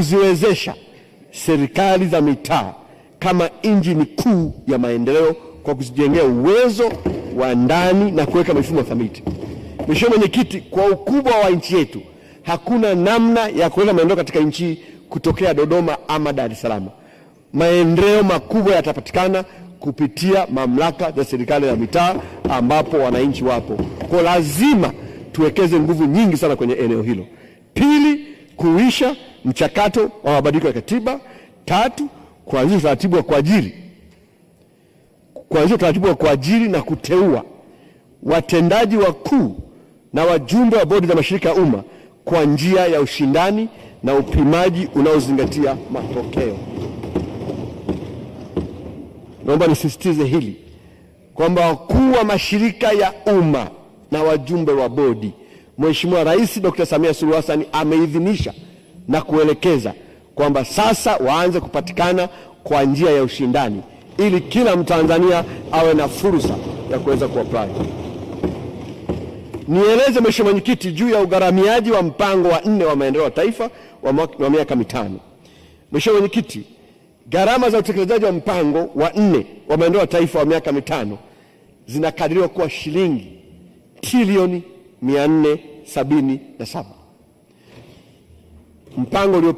kuziwezesha serikali za mitaa kama injini kuu ya maendeleo kwa kuzijengea uwezo wa ndani na kuweka mifumo thabiti. Mheshimiwa Mwenyekiti, kwa ukubwa wa nchi yetu hakuna namna ya kuleta maendeleo katika nchi kutokea Dodoma ama Dar es Salaam. Maendeleo makubwa yatapatikana kupitia mamlaka za serikali za mitaa ambapo wananchi wapo. Kwa lazima tuwekeze nguvu nyingi sana kwenye eneo hilo. Pili, kuisha mchakato wa mabadiliko ya katiba. Tatu, kuanzisha utaratibu wa kuajiri, kuanzisha utaratibu wa kuajiri na kuteua watendaji wakuu na wajumbe wa bodi za mashirika ya umma kwa njia ya ushindani na upimaji unaozingatia matokeo. Naomba nisisitize hili kwamba wakuu wa mashirika ya umma na wajumbe wa bodi, Mheshimiwa Rais Dr. Samia Suluhu Hassan ameidhinisha na kuelekeza kwamba sasa waanze kupatikana kwa njia ya ushindani ili kila Mtanzania awe na fursa ya kuweza kuapply. Nieleze Mheshimiwa Mwenyekiti juu ya ugharamiaji wa mpango wa nne wa maendeleo ya taifa wa miaka mitano. Mheshimiwa Mwenyekiti, gharama za utekelezaji wa mpango wa nne wa maendeleo ya taifa wa miaka mitano zinakadiriwa kuwa shilingi trilioni 477. mpango ulio